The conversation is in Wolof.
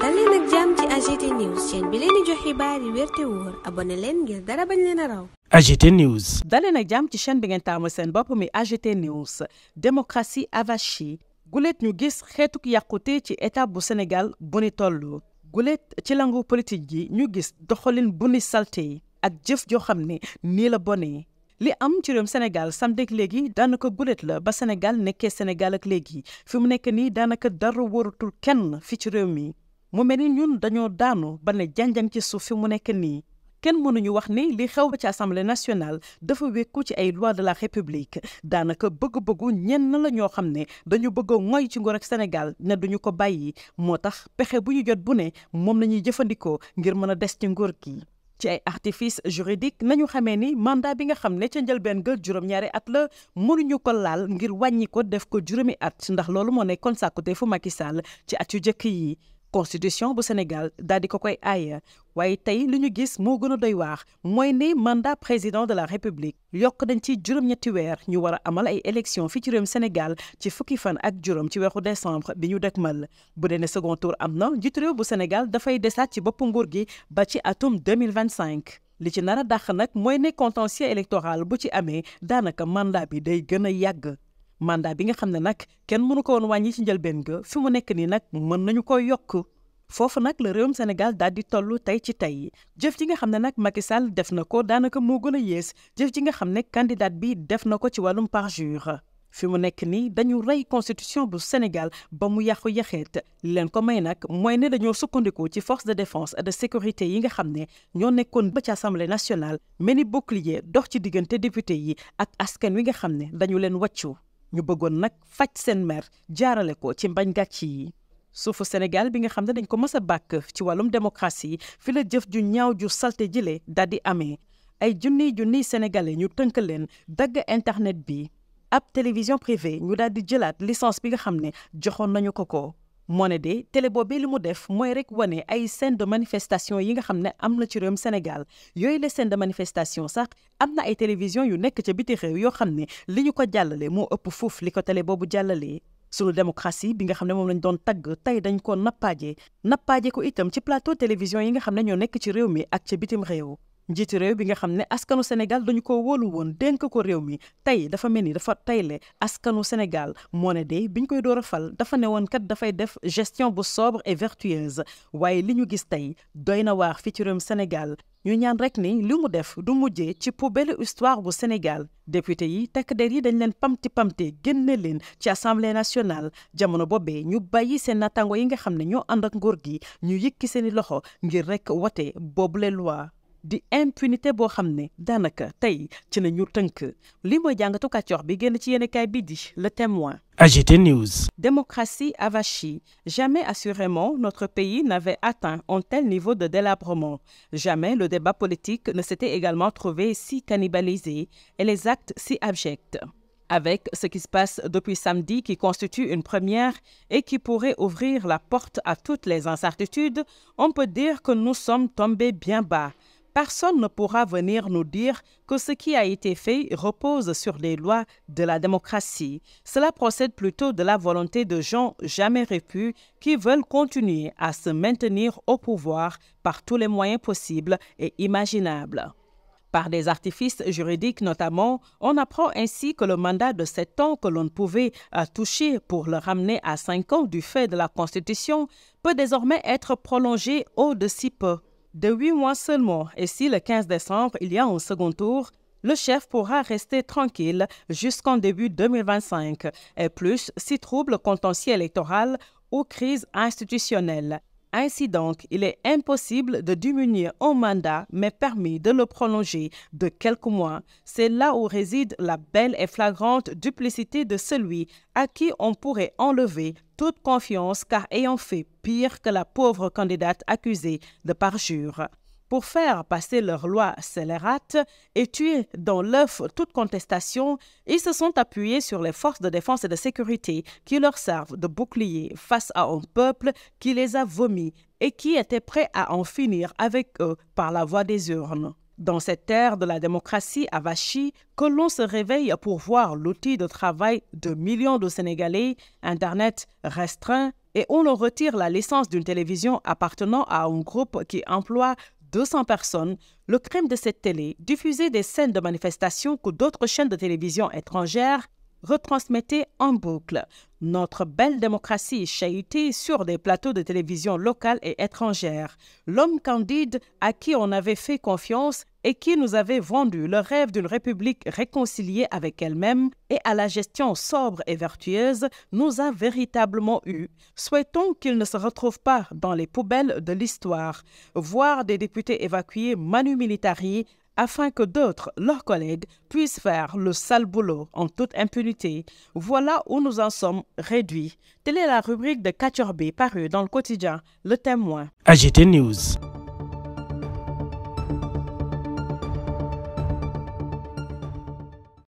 dal leen ak jàmm ci AGT News chaîne bi leen di jox xibaar yi wér te wóor abonné leen ngir dara bañ leen a raw. AGT News. daleen ak jàmm ci chaîne bi ngeen taamu seen bopp mi AGT News démocratie avachie gulet ñu gis xeetuk yàqute ci état bu Sénégal bu ni toll gulet ci langu politique ji ñu gis doxalin bone ni salte ak jëf joo xam ne nii la bone li am ci réewum Sénégal samedi ak léegi daanaka gulet la ba Sénégal nekkee senegal ak léegi fi mu nekk nii daanaka dara wóorutul kenn fi ci réew mi. mu mel ni ñun dañoo daanu ba ne janjan ci suuf fi mu nekk nii kenn mënuñu wax ni li xew ci assemblée national dafa wékku ci ay loi de la république daanaka bëgg-bëggu ñenn la ñoo xam ne dañu bëgg a ci ngor ak Sénégal ne duñu ko bàyyi moo tax pexe bu ñu jot bu ne moom la ñuy jëfandikoo ngir mën a des ci nguur kii ci ay artifice juridique nañu xamee ni mandat bi nga xam ne ca njëlbeen ga juróom-ñaari at la mënuñu ko laal ngir wàññi ko def ko juróomi at ndax loolu moo nekkoon sàkkute fu Macky Sall ci at yu jëkk yi. constitution bu Sénégal daal di ko koy aaya waaye tey li ñu gis moo gën a doy waax mooy ni mandat président de la république yokk dañ ci juróom-ñetti weer ñu war a amal ay élection fii ci réewum Sénégal ci fukki fan ak juróom ci weeru décembre bi ñu dëkkmal bu dee ne second tour am na njiitu bu Sénégal dafay desaat ci bopp nguur gi ba ci atum 2025 li ci nar a dàq nag mooy ne contentieux électoral bu ci amee daanaka mandat bi day gën a yàgg mandat bi nga xam ne nag kenn mënu ko woon wàññi ci njëlbeen ga fi mu nekk nii nag mën nañu foofu nag la réewum Sénégal daal di toll tey ci tey jëf ji nga xam ne nag Macky Sall def na ko daanaka moo gën a yées jëf ji nga xam ne candidat bi def na ko ci wàllum parjure fi mu nekk nii dañu rey constitution bu Sénégal ba mu yàqu yaxeet leen ko may nag mooy ne dañoo sukkandiku ci force de défense et de sécurité yi nga xam ne ñoo nekkoon ba ci assemblée nationale mel ni bouclier dox ci diggante député yi ak askan wi nga xam ne dañu leen wàccu ñu bëggoon nag faj seen mer jaarale ko ci mbañ yi. suufu Sénégal bi nga xam ne dañ ko mës a bàkk ci wàllum démocratie fi la jëf ju ñaaw ju salte jile daal di amee ay junniy junni sénégalais ñu tënk leen dagg internet bi ab télévision privée ñu daal di jëlaat licence bi nga xam ne joxoon nañu ko ko. moo ne de télé boobee li mu def mooy rek wane ay scène de manifestation yi nga xam ne am na ci réewum Sénégal yooyu la scène de manifestation sax am na ay télévision yu nekk ca biti réew yoo xam ne li ñu ko jàllale moo ëpp fuuf li ko télé boobu jàllalee. sunu démocratie bi nga xam ne moom lañ doon tagg tey dañ ko nappaaje nappaaje ko itam ci plateau télévision yi nga xam ne ñoo nekk ci réew mi ak ca bitim réew njiitu réew bi nga xam ne askanu Sénégal dañu ko woolu woon dénk ko réew mi tey dafa mel ni dafa tayle askanu Sénégal moo ne de biñ koy door a fal dafa ne woon kat dafay def gestion bu sobre et vertueuse waaye li ñu gis tey doy na waar fi ci réewum Sénégal ñu ñaan rek ni li mu def du mujjee ci poubelle histoire bu Sénégal député yi takk der yi dañ leen pamti pamte génne leen ci assemblée nationale jamono boobee ñu bàyyi seen nattango yi nga xam ne ñoo ànd ak nguur gi ñu yëkki seeni loxo ngir rek wote boobule loi. di impunité boo xam ne daanaka tey ci la ñu tënk li mooy jàngatu kàccoor bi génn ci yéenekaay bi di Le Témoin AGT News. Démocratie avachie. Jamais assurément notre pays n'avait atteint un tel niveau de délabrement. Jamais le débat politique ne s'était également trouvé si cannibalisé et les actes si abjects. Avec ce qui se passe depuis samedi qui constitue une première et qui pourrait ouvrir la porte à toutes les incertitudes, on peut dire que nous sommes tombés bien bas. Personne ne pourra venir nous dire que ce qui a été fait repose sur les lois de la démocratie. Cela procède plutôt de la volonté de gens jamais repus qui veulent continuer à se maintenir au pouvoir par tous les moyens possibles et imaginables. Par des artifices juridiques notamment, on apprend ainsi que le mandat de sept ans que l'on pouvait euh, toucher pour le ramener à cinq ans du fait de la Constitution peut désormais être prolongé au de peu. de huit mois seulement. Et si le 15 décembre, il y a un second tour, le chef pourra rester tranquille jusqu'en début 2025, et plus si trouble contentieux électoral ou crise institutionnelle. Ainsi donc, il est impossible de diminuer un mandat, mais permis de le prolonger de quelques mois. C'est là où réside la belle et flagrante duplicité de celui à qui on pourrait enlever toute confiance car ayant fait pire que la pauvre candidate accusée de parjure pour faire passer leur loi scélérate et tuer dans l'œuf toute contestation, ils se sont appuyés sur les forces de défense et de sécurité qui leur servent de bouclier face à un peuple qui les a vomis et qui était prêt à en finir avec eux par la voie des urnes. Dans cette ère de la démocratie avachie, que l'on se réveille pour voir l'outil de travail de millions de Sénégalais, Internet restreint, et on leur retire la licence d'une télévision appartenant à un groupe qui emploie 200 personnes, le crime de cette télé, diffuser des scènes de manifestations que d'autres chaînes de télévision étrangères retransmettait en boucle. Notre belle démocratie chahutée sur des plateaux de télévision locales et étrangères. L'homme candide à qui on avait fait confiance et qui nous avait vendu le rêve d'une république réconciliée avec elle-même et à la gestion sobre et vertueuse nous a véritablement eu. Souhaitons qu'il ne se retrouve pas dans les poubelles de l'histoire. Voir des députés évacués manu militari afin que d'autres, leurs collègues, puissent faire le sale boulot en toute impunité. Voilà où nous en sommes réduits. Telle est la rubrique de Kachorbe parue dans le quotidien Le Témoin. AGT News.